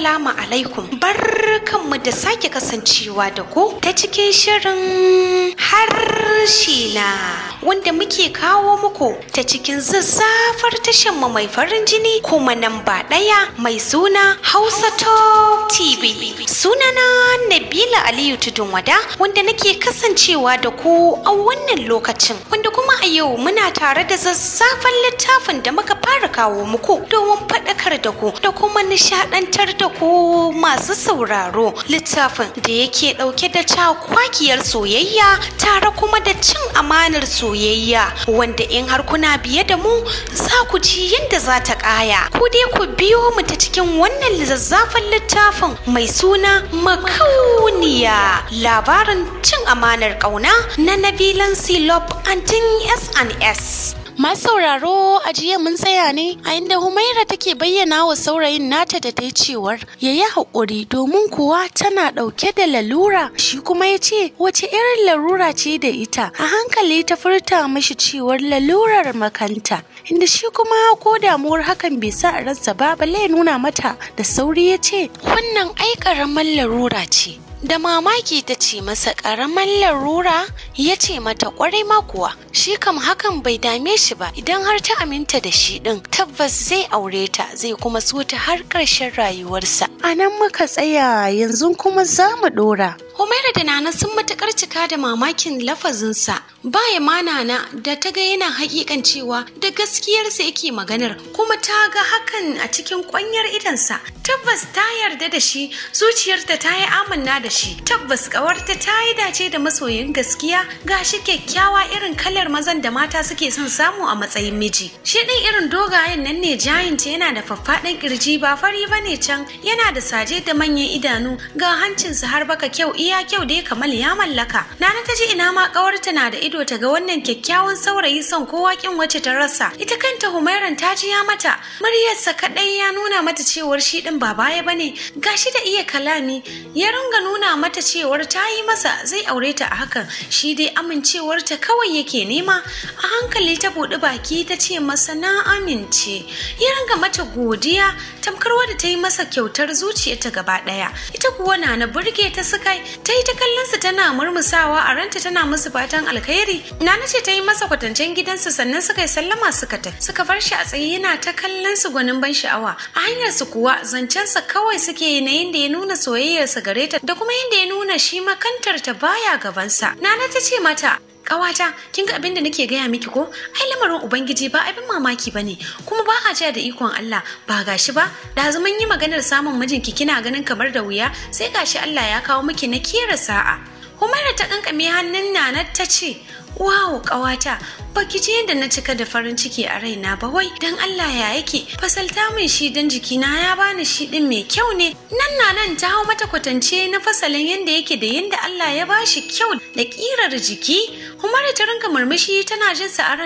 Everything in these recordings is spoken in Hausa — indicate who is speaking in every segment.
Speaker 1: Assalamu alaikum barkanmu da sake kasancewa da ku ta cikin shirin harshe na wanda muke kawo muku ta cikin zazzafar tashan mu mai farin jini kuma nan ba ɗaya mai suna Hausa Top TV. Sunana Nabila Aliyu Tudun Wada wanda nake kasancewa da ku a wannan lokacin wanda kuma a yau muna tare da zazzafan littafin da muka fara kawo muku domin faɗakar da ku da kuma nishaɗantar da ku masu sauraro littafin da yake ɗauke da cakwakiyar soyayya tare kuma da cin amanar soyayya. soyayya wanda in har kuna biye da mu za ku ji yadda za ta kaya ku dai ku biyo mu ta cikin wannan zazzafan littafin mai suna makauniya labarin cin amanar ƙauna na nabilan silop antin s&s masu sauraro a jiya mun tsaya ne a inda humaira take bayyana wa saurayin nata da ta cewar ya yi haƙuri domin kuwa tana ɗauke da lalura shi kuma ya ce wace irin lalura ce da ita a hankali ta furta mashi cewar lalurar makanta inda shi kuma ko damuwar hakan bai sa a ransa ba balle nuna mata da sauri ya ce wannan ai ƙaramar larura ce da mamaki ta ce masa ƙaramar larura ya ce mata kwarai ma kuwa shi kam hakan bai dame shi ba idan har ta aminta da shi din tabbas zai aure ta zai kuma so ta har ƙarshen rayuwarsa a nan muka tsaya yanzu kuma za mu ɗora Humaira da Nana sun matukar cika da mamakin lafazinsa. ya ma Nana da ta ga yana hakikan cewa da gaskiyarsa yake maganar kuma ta ga hakan a cikin kwanyar idansa. Tabbas ta yarda da shi, zuciyarta ta yi amanna da shi. Tabbas ƙawarta ta yi dace da masoyin gaskiya ga gashi kyakkyawa irin kalar mazan da mata suke son samu a matsayin miji shi din irin dogayen nan ne giant yana da faffaɗan kirji ba fari bane can yana da saje da manyan idanu ga hancinsa har baka kyau iya kyau dai kamal ya mallaka nana ta ji ina ma kawarta na da ido ta ga wannan kyakkyawan saurayi son kowa kin wacce ta rasa ita kanta humairan ta ji ya mata muryarsa kaɗai ya nuna mata cewar shi din ba baya bane gashi da iya kalami ya ringa nuna mata cewar ta yi masa zai aure ta a hakan shi shi dai amincewarta kawai yake nema a hankali ta buɗi baki ta ce masa na amince ya ranga mata godiya tamkar wadda ta yi masa kyautar zuciyarta gaba ɗaya ita kuwa na na burge ta sukai ta yi ta kallonsa tana murmusawa a ranta tana musu fatan alkhairi nana ce ta yi masa kwatancen gidansa sannan suka yi sallama suka tafi suka bar shi a tsaye yana ta kallon su gwanin ban sha'awa a hanyar su kuwa zancen sa kawai suke yi na yadda ya nuna soyayyarsa gare ta da kuma yadda ya nuna shi makantar ta baya gabansa nana ta ta ce mata ƙawata kin ga abin da nake gaya miki ko ai lamarin ubangiji ba abin mamaki ba ne kuma ba a da ikon Allah ba gashi ba da zaman yi maganar samun mijinki kina ganin kamar da wuya sai gashi Allah ya kawo miki na kera sa'a Humaira ta kankame hannun Nana ta ce wow ƙawata baki ce yadda na cika da farin ciki a raina ba wai don allah ya yake fasalta min shi don jikina ya bani shi din mai kyau ne nan na nan ta hau mata kwatance na fasalin yadda yake da yadda allah ya bashi kyau da kirar jiki humara ta rinka murmushi tana jin sa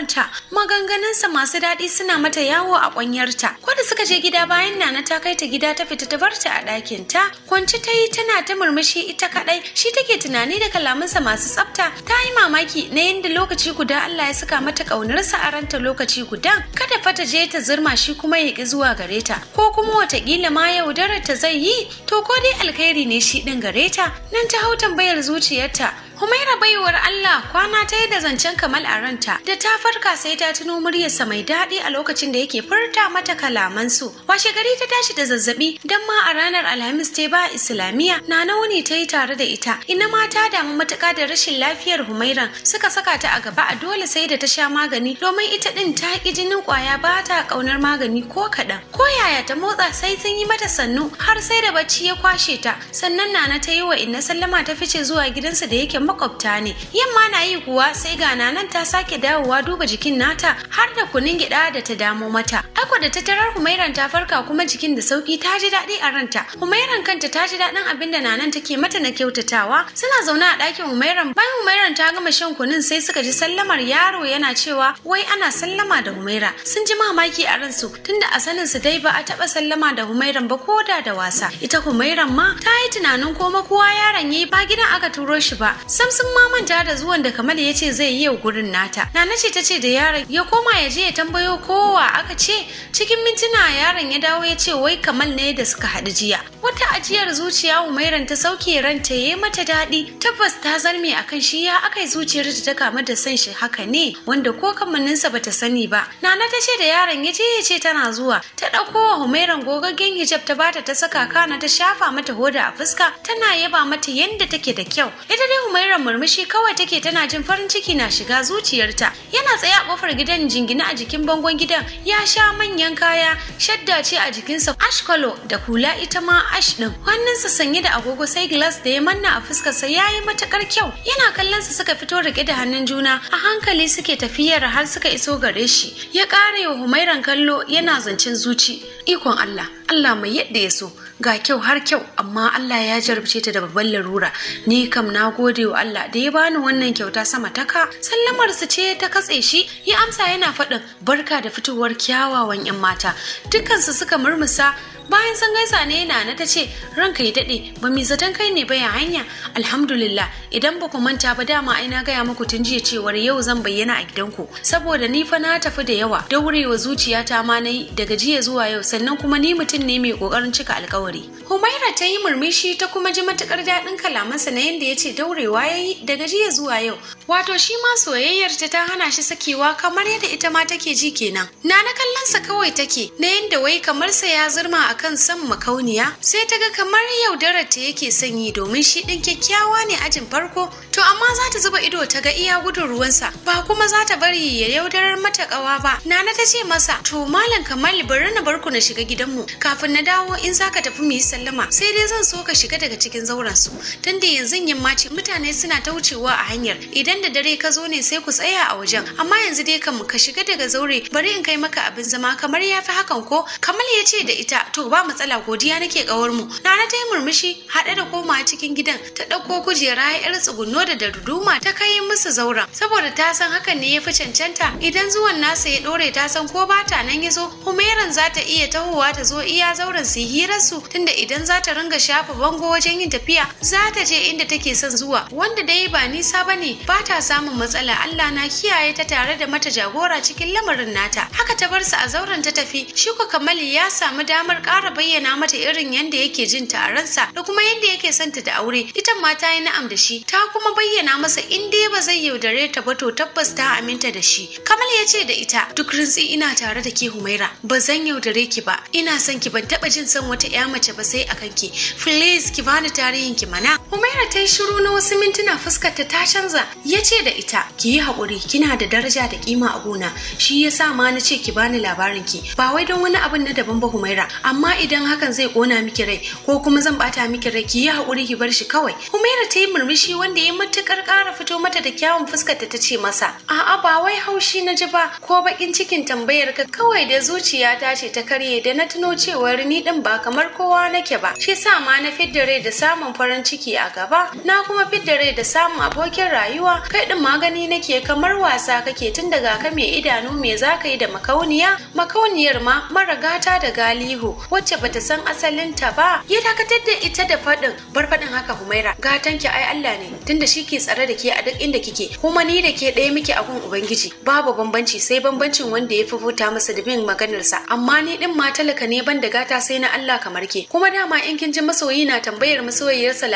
Speaker 1: maganganunsa masu daɗi suna mata yawo a ƙwanyarta ko da suka je gida bayan nana ta kai ta gida ta fita ta barta a ɗakinta kwanci ta yi tana ta murmushi ita kaɗai shi take tunani da kalamansa masu tsafta ta yi mamaki na yadda inda lokaci guda Allah ya saka mata ƙaunarsa a ranta lokaci guda kada fa ta je ta zurma shi kuma ya ƙi zuwa gare ta ko kuma watakila ma yaudarar ta zai yi to ko dai alkhairi ne shi ɗin gare ta nan ta hau tambayar zuciyarta yana baiwar Allah kwana ta yadda zancen Kamal a ranta da ta farka sai ta tuno muryarsa mai daɗi a lokacin da yake furta mata kalaman su. Washe gari ta tashi da zazzabi dan ma a ranar Alhamis ta ba Islamiyya na wani ta yi tare da ita. Ina ma ta damu matuƙa da rashin lafiyar Humairan suka saka ta a gaba a dole sai da ta sha magani domin ita ɗin ta ƙi jinin ƙwaya ba ta ƙaunar magani ko kaɗan. Ko yaya ta motsa sai sun yi mata sannu har sai da bacci ya kwashe ta sannan Nana ta yi wa Inna sallama ta fice zuwa gidansa da yake makwabta ne yamma na yi kuwa sai ga nan ta sake dawowa duba jikin nata har da kunin gida da ta damo mata Akwai da ta humairan ta farka kuma jikin da sauki ta ji daɗi a ranta humairan kanta ta ji daɗin abin da nanan take mata na kyautatawa suna zaune a ɗakin humairan bayan humairan ta gama shan kunin sai suka ji sallamar yaro yana cewa wai ana sallama da humaira sun ji mamaki a ransu tunda a sanin su dai ba a taɓa sallama da humairan ba koda da da wasa ita humairan ma ta yi tunanin ko makuwa yaron yayi ba gidan aka turo shi ba sam sun ma manta da zuwan da Kamal ya ce zai yi yau gurin nata nana ce ta ce da yaron ya koma ya je ya tambayo kowa aka ce cikin mintuna yaron ya dawo ya ce wai Kamal ne da suka haɗu jiya wata ajiyar zuciya umairan ta sauke ranta ya yi mata daɗi tabbas ta zarme akan shi ya aka yi zuciyar ta kama da san shi haka ne wanda ko kamanninsa bata sani ba nana ta ce da yaron ya je ya ce tana zuwa ta ɗauko wa humairan gogaggen hijab ta bata ta saka kana ta shafa mata hoda a fuska tana yaba mata yadda take da kyau ita dai sairan murmushi kawai take tana jin farin ciki na shiga zuciyarta yana tsaye a kofar gidan jingina a jikin bangon gidan ya sha manyan kaya shadda ce a jikinsa ash kolo da kula ita ma ash din hannunsa sanye da agogo sai glass da ya manna a fuskarsa ya yi matakar kyau yana kallon sa suka fito rike da hannun juna a hankali suke tafiyar har suka iso gare shi ya kare wa humairan kallo yana zancen zuci ikon Allah Allah mai yadda ya so ga kyau har kyau amma Allah ya jarabce ta da babban larura ni kam na gode wa Allah da ya bani wannan kyauta sama ta ka sallamar su ce ta katse shi ya amsa yana faɗin barka da fitowar kyawawan yan mata dukansu suka murmusa bayan sun gaisa ne na ta ce ranka yi daɗe ba mi zaton kai ne ba ya hanya alhamdulillah idan ba ku manta ba dama ai na gaya muku tun jiya cewar yau zan bayyana a gidanku saboda ni fa na tafi da yawa daurewa zuciya ta ma na yi daga jiya zuwa yau sannan kuma ni mutum ne mai kokarin cika alkawari Humaira ta yi murmushi ta kuma ji matukar daɗin kalamansa na yadda ya ce daurewa ya yi daga jiya zuwa yau wato shi ma soyayyarta ta hana shi sakewa kamar yadda ita ma take ji kenan na na kallonsa kawai take na yadda wai kamar sa ya zurma a akan son makauniya sai ta ga kamar yaudarar ta yake sanyi domin shi ɗin kyakkyawa ne ajin farko to amma za ta zuba ido ta ga iya gudun ruwansa ba kuma za ta bari ya yaudarar mata ƙawa ba nana ta ce masa to malam kamal bari na barku na shiga gidanmu kafin na dawo in za ka tafi mu yi sallama sai dai zan so ka shiga daga cikin zauren su tun da yanzu yamma ce mutane suna ta wucewa a hanyar idan da dare ka zo ne sai ku tsaya a wajen amma yanzu dai kam ka shiga daga zaure bari in kai maka abin zama kamar ya fi hakan ko kamal ya ce da ita to to ba matsala godiya nake kawar mu nana ta yi murmushi haɗe da koma cikin gidan ta ɗauko kujera ya yar tsugunno da daruduma ta kai musu zauren saboda ta san hakan ne ya fi cancanta idan zuwan nasa ya dore ta san ko ba ta nan ya kuma yaran za ta iya tahowa ta zo iya zauren su hirar su tunda idan za ta ringa shafa bango wajen yin tafiya za ta je inda take son zuwa wanda dai ba nisa ba ne ba ta samun matsala Allah na kiyaye ta tare da mata jagora cikin lamarin nata haka ta bar su a zauren ta tafi shi ko kamali ya samu damar fara bayyana mata irin yadda yake jin ta ransa da kuma yadda yake son ta da aure ita ma ta yi na'am da shi ta kuma bayyana masa in dai ba zai yaudare ta ba to tabbas ta aminta da shi kamal ya ce da ita duk rintsi ina tare da ke humaira ba zan yaudare ki ba ina son ki ban taba jin son wata ya mace ba sai akan ki please ki bani tarihin ki mana humaira ta yi shiru na wasu mintuna fuskar ta ta canza ya ce da ita ki yi haƙuri kina da daraja da kima a gona shi ya sa ma na ce ki bani labarin ki ba wai don wani abin na daban ba humaira amma amma idan hakan zai kona miki rai ko kuma zan bata miki rai ki yi haƙuri ki bar shi kawai humaira ta yi murmushi wanda ya matukar ƙara fito mata da kyawun fuskar ta ce masa a'a ba wai haushi na ji ba ko bakin cikin tambayar ka kawai da zuciya ta ce ta karye da na tuno cewar ni din ba kamar kowa nake ba shi sa ma na fidda rai da samun farin ciki a gaba na kuma fidda rai da samun abokin rayuwa kai din magani nake kamar wasa kake tun daga ka mai idanu me zaka yi da makauniya makauniyar ma mara gata da galihu wacce bata san asalin ta ba ya dakatar da ita da fadin. bar faɗin haka humaira gatan ki ai Allah ne tunda shi ke tsare da ke a duk inda kike kuma ni da ke ɗaya muke a gun ubangiji babu bambanci sai bambancin wanda ya fufuta masa da bin maganarsa amma ni din ma talaka ne banda gata sai na Allah kamar ke kuma dama in kin ji masoyi na tambayar masoyiyarsa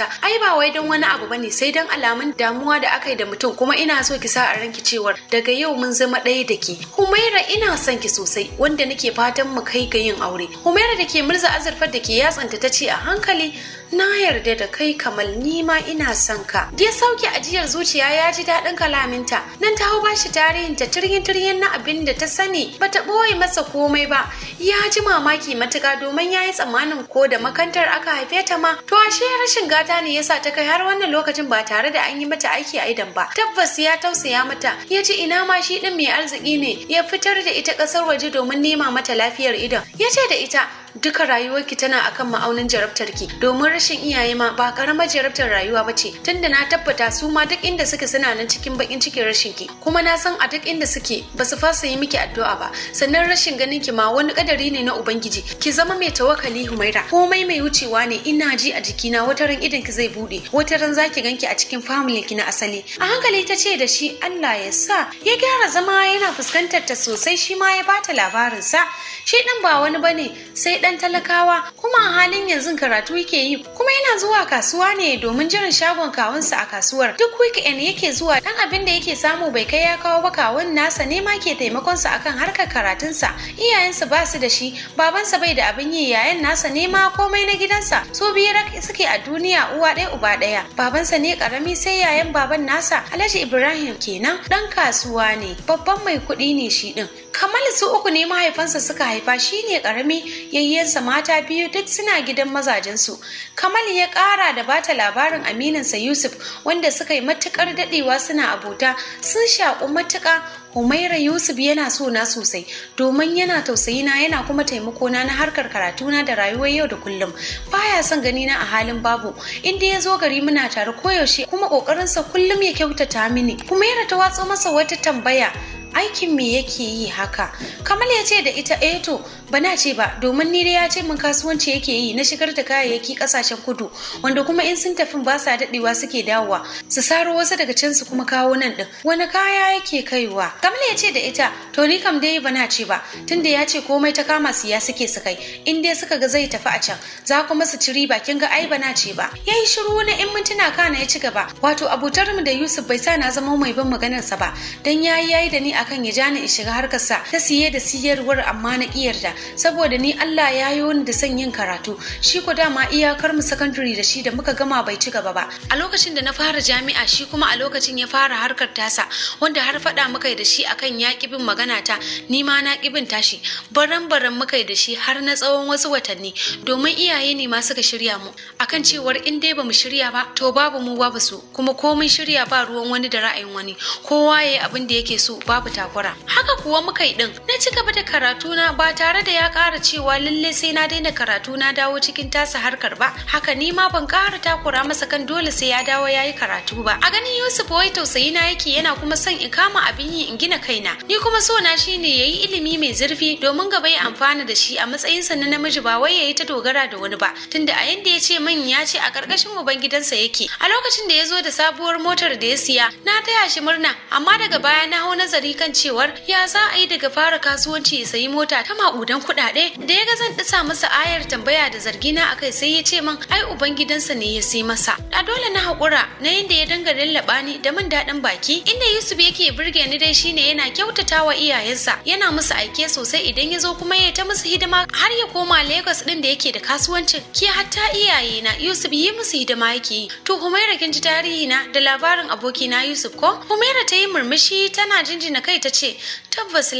Speaker 1: ta ai ba wai don wani abu bane sai don alamun damuwa da aka yi da mutum kuma ina so ki sa a ranki cewar daga yau mun zama ɗaya da ke humaira ina son ki sosai wanda nake fatan mu kai ga yin aure humaira da ke murza azurfar da ke yatsanta ta ce a hankali na yarda da kai kamar ni ma ina son ka ya sauke ajiyar zuciya ya ji daɗin kalaminta nan ta hau bashi tarihin ta tirgin tirgin na abin da ta sani bata ɓoye masa komai ba ya ji mamaki matuka domin ya yi tsammanin ko da makantar aka haife ta ma to ashe rashin gata ne yasa ta kai har wannan lokacin ba tare da an yi mata aiki a idan ba tabbas ya tausaya mata ya ji ina ma shi din mai arziki ne ya fitar da ita ƙasar waje domin nema mata lafiyar idan ya ce da ita duka rayuwarki tana akan ma'aunin jarabtarki domin rashin iyaye ma ba karamar jarabtar rayuwa ba ce tunda na tabbata su ma duk inda suke suna nan cikin bakin cikin rashin ki kuma na san a duk inda suke ba su fasa yi miki addu'a ba sannan rashin ganin ki ma wani kadari ne na ubangiji ki zama mai tawakali humaira komai mai wucewa ne ina ji a jikina wata ran idan ki zai bude wata ran zaki ganki a cikin family ki na asali a hankali ta ce da shi Allah ya sa ya gyara zama yana fuskantar ta sosai shi ma ya bata labarin sa shi din ba wani bane sai dan talakawa kuma a halin yanzu karatu yake yi kuma yana zuwa kasuwa ne domin jiran shagon kawunsa a kasuwar duk weekend yake zuwa dan abin da yake samu bai kai ya kawo ba kawun nasa ne ma ke taimakonsa akan harkar karatunsa iyayensa ba su da shi babansa bai da abin yi yayan nasa ne ma komai na gidansa su biyar suke a duniya uwa ɗaya uba ɗaya babansa ne karami sai yayan baban nasa alhaji ibrahim kenan dan kasuwa ne babban mai kuɗi ne shi din kamal su uku ne mahaifansa suka haifa shine karami yayi yayyensa mata biyu duk suna gidan mazajensu kamal ya ƙara da bata labarin amininsa yusuf wanda suka yi matukar daɗewa suna abota sun shaƙu matuka. Humaira Yusuf yana so na sosai domin yana tausayi na yana kuma taimako na na harkar karatuna da rayuwar yau da kullum. Baya son gani na a halin babu. Inda ya zo gari muna tare koyaushe kuma ƙoƙarinsa kullum ya kyautata mini. Humaira ta watso masa wata tambaya aikin me yake yi haka kamal ya ce da ita eh to bana ce ba domin ni dai ya ce min kasuwanci yake yi na shigar da kayayyaki kasashen kudu wanda kuma in sun tafi ba sa dadewa suke dawowa su saro wasu daga can su kuma kawo nan din wani kaya yake kaiwa kamal ya ce da ita to ni kam dai bana ce ba tunda ya ce komai ta kama su ya suke su kai in dai suka ga zai tafi a can za kuma su ci riba kin ga ai bana ce ba yayi shiru na in mintuna kana ya ci gaba wato abutar da Yusuf bai sa na zama mai bin maganarsa ba dan yayi yayi da ni a akan ya jani in shiga harkarsa ta siye da siyarwar amma na kiyarta saboda ni Allah ya yi wani da son yin karatu shi ko dama iyakar mu secondary da shi da muka gama bai ci gaba ba a lokacin da na fara jami'a shi kuma a lokacin ya fara harkar tasa wanda har faɗa muka da shi akan ya bin magana ta ni ma na bin tashi baran baran muka da shi har na tsawon wasu watanni domin iyaye ne ma suka shirya mu akan cewar in dai bamu shirya ba to babu mu babu su kuma komai shirya ba ruwan wani da ra'ayin wani kowa yayi abin da yake so babu takura haka kuwa muka yi din na ci gaba da karatu na ba tare da ya kara cewa lalle sai na daina karatu na dawo cikin tasa harkar ba haka ni ma ban kara takura masa kan dole sai ya dawo ya yi karatu ba a ganin Yusuf wai tausayi na yake yana kuma son in kama abin yi in gina kaina ni kuma so na shine yayi ilimi mai zurfi domin gaba ya amfana da shi a matsayinsa na namiji ba wai ya yi ta dogara da wani ba tunda a yanda ya ce min ya ce a ƙarƙashin ubangidansa yake a lokacin da ya zo da sabuwar motar da ya siya na taya shi murna amma daga baya na hau nazari kan cewar ya za a yi daga fara kasuwanci ya sayi mota ta maƙudan kuɗaɗe da ya ga zan ɗisa masa ayar tambaya da zargina kai, sai ya ce min ai uban gidansa ne ya sai masa a dole na haƙura na yadda ya danga lallaɓa ni da man daɗin baki inda Yusuf yake burge ni dai shine yana kyautata wa iyayensa yana musu aike sosai idan ya zo kuma ya ta musu hidima har ya koma Lagos ɗin da yake da kasuwancin ke hatta iyaye na Yusuf yi musu hidima yake yi to Humaira kin ji tarihi na da labarin abokina Yusuf ko Humaira ta yi murmushi tana jinjina kai kai ta ce tabbas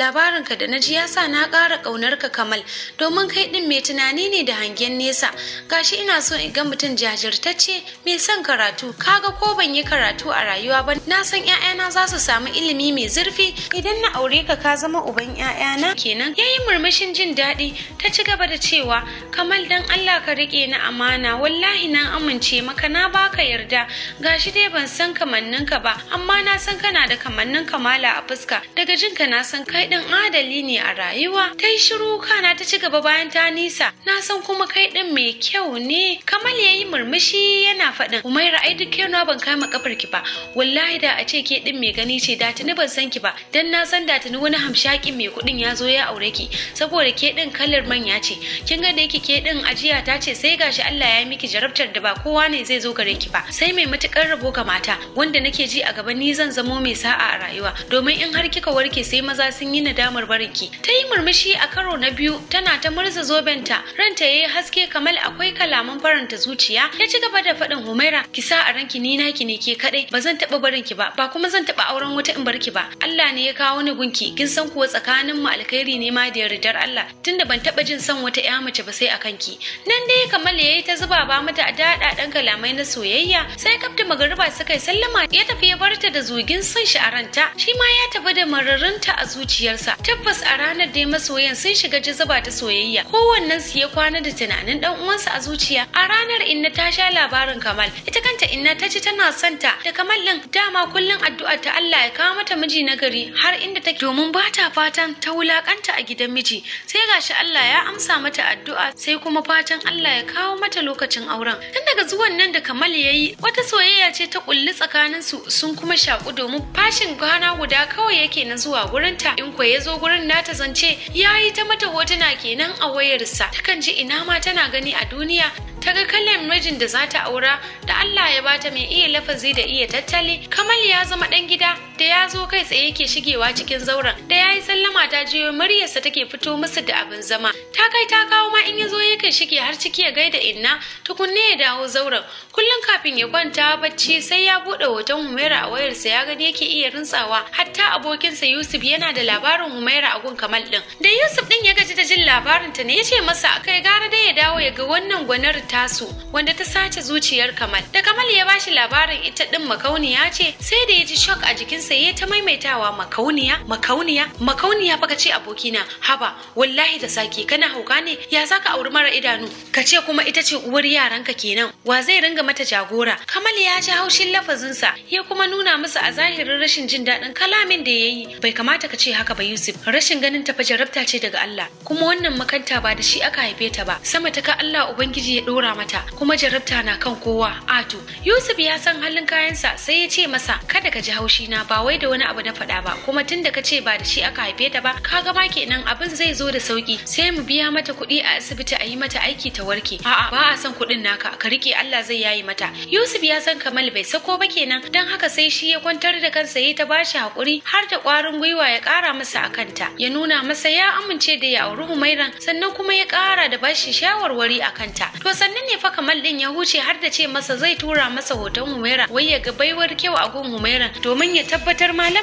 Speaker 1: ka da na ji ya sa na ƙara ƙaunarka kamal domin kai ɗin mai tunani ne da hangen nesa gashi ina so in ga mutum jajirtacce mai son karatu kaga ko ban yi karatu a rayuwa ba na san ƴaƴana za su samu ilimi mai zurfi idan na aure ka ka zama uban ƴaƴana kenan yayi murmushin jin daɗi ta ci gaba da cewa kamal dan Allah ka riƙe na amana wallahi na amince maka na baka yarda gashi dai ban san kamanninka ba amma na san kana da kamannin kamala a fuska daga jinka na san kai ɗin adali ne a rayuwa ta yi shiru kana ta ci gaba bayan ta nisa na san kuma kai ɗin mai kyau ne kamal ya yi murmushi yana faɗin umaira ai duk kyau na ban kama kafar ki ba wallahi da a ce ke ɗin mai gani ce da tuni ban san ki ba dan na san da tuni wani hamshakin mai kuɗin ya zo ya aure ki saboda ke ɗin kalar manya ce kin ga da yake ke ɗin ajiya ta ce sai gashi Allah ya miki jarabtar da ba kowa ne zai zo gare ki ba sai mai matukar rabo ka mata wanda nake ji a gaba ni zan zamo mai sa'a a rayuwa domin in har har kika warke sai maza sun yi nadamar barin ki. ta yi murmushi a karo na biyu tana ta murza zobenta ranta yayi haske kamar akwai kalaman faranta zuciya ya ci gaba da faɗin humaira ki sa a ranki ni naki ne ke kaɗai. ba zan taɓa ki ba ba kuma zan taɓa auren wata in barki ba Allah ne ya kawo ni gunki kin san kuwa tsakanin mu alkhairi ne ma da yardar Allah tunda ban taɓa jin san wata ƴa mace ba sai a kanki nan dai kamar yayi ta zuba ba mata a daɗa ɗan kalamai na soyayya sai kaftin magariba suka yi sallama ya tafi ya barta da zugin son shi a ranta shi ma ya tafi da mararinta a zuciyarsa tabbas a ranar dai masoyan sun shiga jazaba ta soyayya kowannen su ya kwana da tunanin dan uwansa a zuciya a ranar inna ta sha labarin kamal ita kanta inna ta ji tana santa. da kamal din dama kullum addu'a ta Allah ya kawo mata miji na gari har inda take domin ba ta fatan ta wulakanta a gidan miji sai gashi Allah ya amsa mata addu'a sai kuma fatan Allah ya kawo mata lokacin auren tun daga zuwan nan da kamal yayi wata soyayya ce ta kulli su sun kuma shaku domin fashin gana guda kawai yake na zuwa ta. in ko ya zo gurin nata zance ya yi ta mata hotuna kenan a wayarsa takan ji ina ma tana gani a duniya ta ga mijin da za ta aura da Allah ya bata mai iya lafazi da iya tattali kamal ya zama dan gida da ya zo kai tsaye yake shigewa cikin zauren da ya yi sallama ta jiyo muryarsa take fito musu da abin zama ta kai ta kawo ma in ya zo yakan shige har ciki ya gaida inna tukunne ya dawo zauren kullum kafin ya kwanta bacci sai ya buɗe hoton humaira a wayarsa ya gani yake iya rintsawa hatta abokinsa yusuf yana da labarin humaira a gun kamal din da yusuf din ya gaji da jin labarinta ne ya ce masa kai gara dai ya dawo ya ga wannan gwanar tasu wanda ta sace zuciyar Kamal. Da Kamal ya bashi labarin ita din makauniya ce sai da ya ji shock a jikinsa ya ta maimaitawa makauniya makauniya makauniya baka ce abokina haba wallahi da sake kana hauka ne ya saka auri mara idanu ka ce kuma ita ce uwar yaranka kenan wa zai ringa mata jagora Kamal ya ji haushin lafazinsa ya kuma nuna masa a zahirin rashin jin daɗin kalamin da ya yi bai kamata ka ce haka ba Yusuf rashin ganin ta fa jarabta ce daga Allah kuma wannan makanta ba da shi aka haife ta ba sama ta ka Allah ubangiji ya ɗora dora mata kuma jarabta na kan kowa ato yusuf ya san halin kayansa sai ya ce masa kada ka ji haushi na ba wai da wani abu na faɗa ba kuma tun da ka ce ba da shi aka haife ta ba ka ga ba kenan abin zai zo da sauki sai mu biya mata kuɗi a asibiti a yi mata aiki ta warke a'a ba a son kuɗin naka ka rike Allah zai yayi mata yusuf ya san kamal bai sako ba kenan dan haka sai shi ya kwantar da kansa ya ta bashi hakuri har da ƙwarin gwiwa ya ƙara masa a kanta ya nuna masa ya amince da ya auri humairan sannan kuma ya ƙara da bashi shawarwari a kanta to san sannan ne fa kamal din ya huce har da ce masa zai tura masa hoton humaira wai ya ga baiwar kyau a gun humaira domin ya tabbatar ma na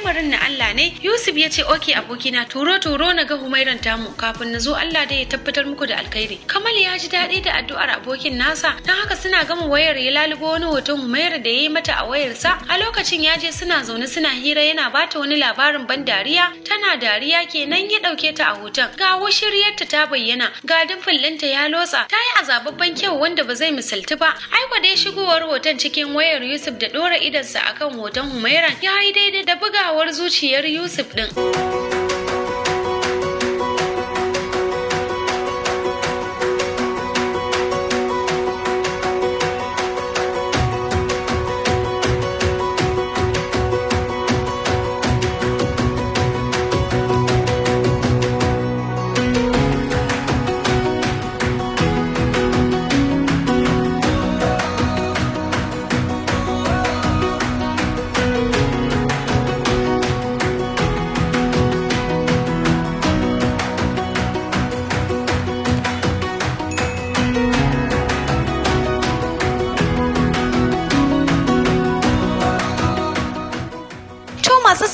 Speaker 1: Allah ne yusuf ya ce oke abokina turo turo na ga humairan tamu kafin na zo Allah dai ya tabbatar muku da alkhairi kamal ya ji daɗi da addu'ar abokin nasa don haka suna gama wayar ya lalubo wani hoton humaira da ya yi mata a wayarsa a lokacin ya je suna zaune suna hira yana bata wani labarin ban dariya tana dariya kenan ya ɗauke ta a hoton ga shiryarta ta bayyana ga dimfil ɗinta ya lotsa ta yi azababban kyau wanda ba zai misaltu ba ai kwa dai shigowar hoton cikin wayar yusuf da dora idansa akan hoton Humaira ya yi daidai da bugawar zuciyar yusuf din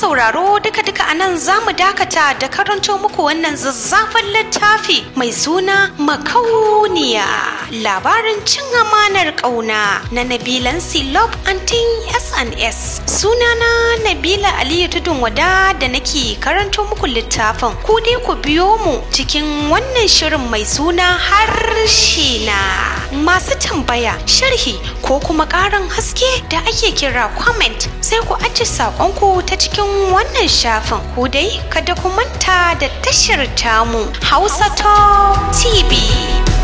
Speaker 1: sauraro duka-duka a nan za mu dakata da karanto muku wannan zazzafan littafi mai suna makauniya labarin cin amanar ƙauna na Nabilan Silop Antin Suna Sunana Nabila Aliyu Tudun Wada da nake karanto muku littafin. Ku dai ku biyo mu cikin wannan shirin mai suna harshe na. Masu tambaya, sharhi ko kuma ƙarin haske da ake kira comment sai ku aji saƙonku ta cikin wannan shafin ku dai kada ku manta da tashar tamu hausa talk tv